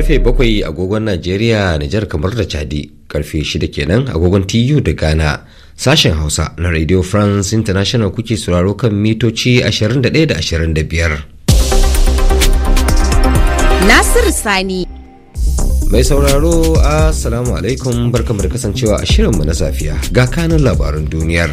karfe 7 agogon Najeriya Nijar kamar da Chadi karfe 6 kenan agogon TU da Ghana sashen Hausa na Radio France International kuke sauraro kan mitoci 21 da 25. Nasir Sani Mai sauraro Assalamu alaikum barkamu da kasancewa a shirinmu na safiya ga kanin labarin duniyar.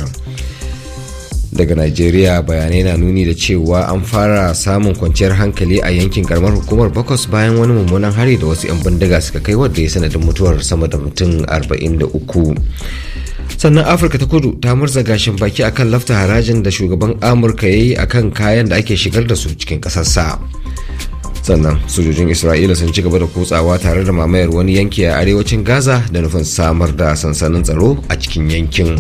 daga najeriya bayanai na nuni da cewa an fara samun kwanciyar hankali a yankin karamar hukumar bakwas bayan wani mummunan hari da wasu 'yan bindiga suka kai wadda ya sanadin mutuwar sama da mutum 43 sannan afirka ta kudu ta murza gashin baki akan lafta harajin da shugaban amurka ya yi akan kayan da ake shigar da su cikin ƙasarsa sannan sojojin isra'ila sun ci gaba da kutsawa tare da mamayar wani yanki a arewacin gaza da nufin samar da sansanin tsaro a cikin yankin.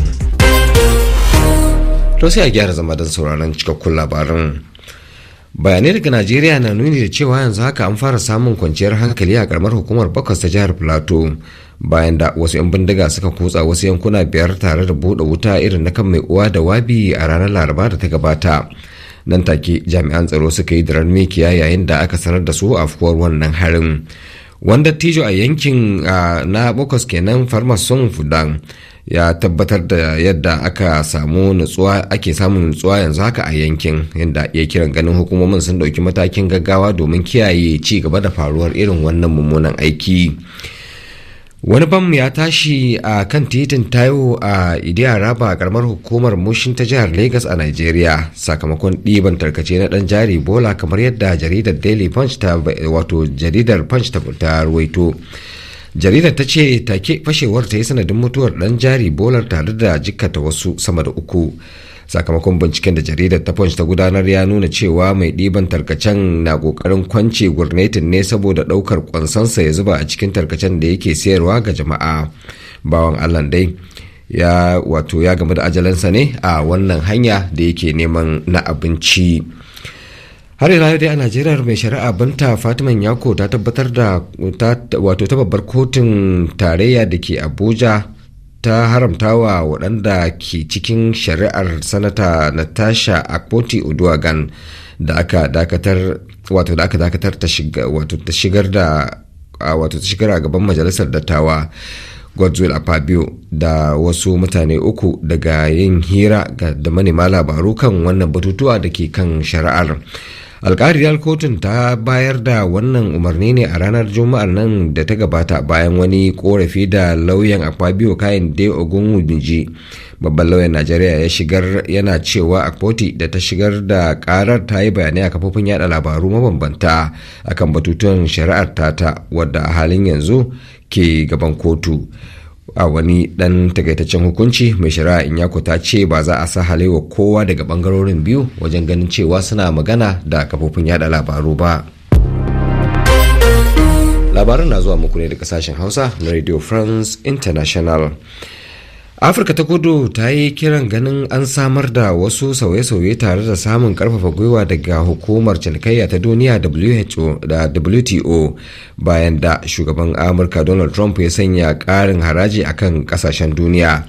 to sai a gyara zama don sauraron cikakkun labarin bayanai daga najeriya na nuni da cewa yanzu haka an fara samun kwanciyar hankali a karamar hukumar bakwas ta jihar plateau bayan da wasu 'yan bindiga suka kutsa wasu yankuna biyar tare da buɗe wuta irin na kan mai uwa da wabi a ranar laraba da ta gabata nan take jami'an tsaro suka yi da ranar mikiya yayin da aka sanar da su a afkuwar wannan harin wanda tijo a yankin na bokos kenan farmason fudan ya tabbatar da yadda aka samu nutsuwa ake samun nutsuwa yanzu haka a yankin yadda ya kiran ganin hukumomin sun dauki matakin gaggawa domin kiyaye ci gaba da faruwar irin wannan mummunan aiki. wani bam ya tashi a kan titin taiwo a a karamar hukumar mushin ta jihar lagos a nigeria sakamakon ɗiban tarkace na ɗan jari bola kamar yadda jaridar daily punch ta wato jaridar punch ta ruwaito jaridar ta ce take fashewar ta yi sanadin mutuwar ɗan jari bolar tare da jikkata wasu sama da uku sakamakon binciken da jaridar ta punch ta gudanar ya nuna cewa mai ɗiban tarkacen na ƙoƙarin kwance gurnetin ne saboda ɗaukar kwansansa ya zuba a cikin tarkacen da yake sayarwa ga jama'a bawan allah dai ya wato ya gamu da ajalansa ne a wannan hanya da yake neman na abinci har yau dai a najeriya mai shari'a banta fatiman yako ta tabbatar da wato ta babbar kotun tarayya da ke abuja ta haramta wa waɗanda ke cikin shari'ar sanata natasha akpoti oduwagan da aka dakatar wato da aka dakatar ta shigar da wato ta shigar a gaban majalisar dattawa godswill apabio da wasu mutane uku daga yin hira da manema labaru kan wannan batutuwa da ke kan shari'ar alkariyar kotun ta bayar da wannan umarni ne a ranar juma'ar nan da ta gabata bayan wani korafi da lauyan akpabio kayan de ogun ji babban lauyan najeriya ya shigar yana cewa akpoti da ta shigar da karar ta yi bayanai a kafofin yada labaru mabambanta akan batutuwan shari'ar tata wadda a halin yanzu ke gaban kotu a wani dan takaitaccen hukunci mai shari'a in ta ce ba za a sa halewa kowa daga bangarorin biyu wajen ganin cewa suna magana da kafofin yada labaru ba labarun na zuwa muku ne da kasashen hausa na radio france international afirka ta kudu ta yi kiran ganin an samar da wasu sauye-sauye tare da samun karfafa gwiwa daga hukumar cinikayya ta duniya da wto bayan da shugaban amurka donald trump ya sanya karin haraji akan kasashen duniya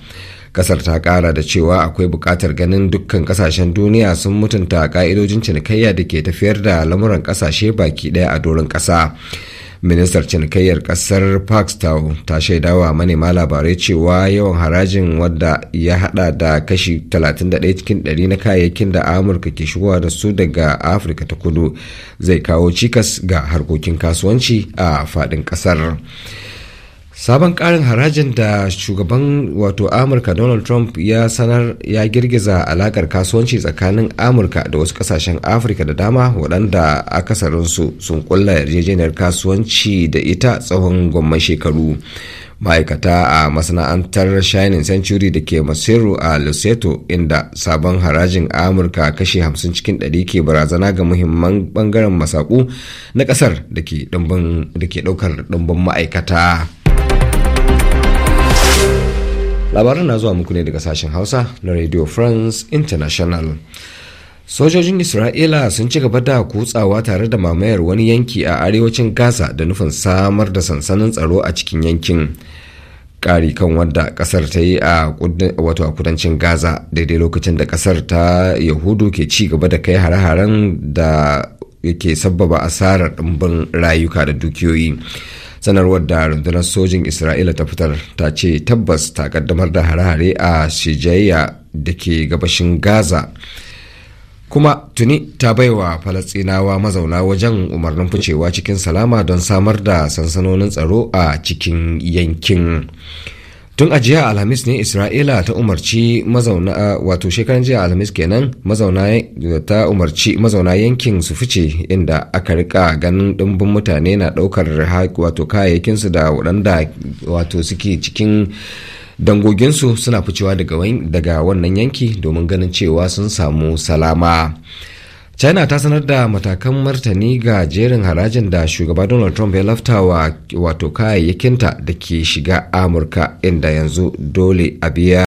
kasar ta kara da cewa akwai bukatar ganin dukkan kasashen duniya sun mutunta ka'idojin cinikayya da ke tafiyar da lamuran kasashe baki daya a doron kasa. ministar cinikayyar kasar pakistan ta shaidawa manema labarai cewa yawan harajin wadda ya hada da kashi 31 cikin 100 na kayayyakin da amurka ke shigowa da su daga afirka ta kudu zai kawo cikas ga harkokin kasuwanci a faɗin ƙasar. sabon karin harajin da shugaban wato amurka donald trump ya sanar ya girgiza alakar kasuwanci tsakanin amurka da wasu kasashen afirka da dama waɗanda akasarinsu sun kulla yarjejeniyar kasuwanci da ita tsawon gwamman shekaru ma'aikata a masana'antar shining century da ke masiru a lesotho inda sabon harajin amurka kashe 50 cikin 100 ke barazana ga muhimman bangaren masaku na kasar da ke ɗaukar ɗumbin ma'aikata. labaran na zuwa muku ne daga sashen hausa na radio france international sojojin isra'ila sun ci gaba da kutsawa tare da mamayar wani yanki a arewacin gaza da nufin samar da sansanin tsaro a cikin yankin ƙari kan wadda ƙasar ta yi a wato kudancin gaza daidai lokacin da ƙasar ta yahudu ke ci gaba da kai hare-haren da ke sabbaba asarar ɗumbin rayuka da dukiyoyi sanarwar da rundunar sojin isra'ila ta fitar ta ce tabbas ta kaddamar da hare-hare a shijayya da ke gabashin gaza kuma tuni ta baiwa falastinawa mazauna wajen umarnin ficewa cikin salama don samar da sansanonin tsaro a cikin yankin. tun a jiya alhamis ne isra'ila ta umarci mazauna wato shekaran jiya alhamis kenan mazauna ta umarci mazauna yankin su fice inda aka rika ganin dimbin mutane na daukar wato kayayyakinsu da waɗanda wato suke cikin dangoginsu suna ficewa daga wannan yanki domin ganin cewa sun samu salama china ta sanar da matakan martani ga jerin harajin da shugaba donald trump ya lafta wa wato kayayyakinta da ke shiga amurka inda yanzu dole a biya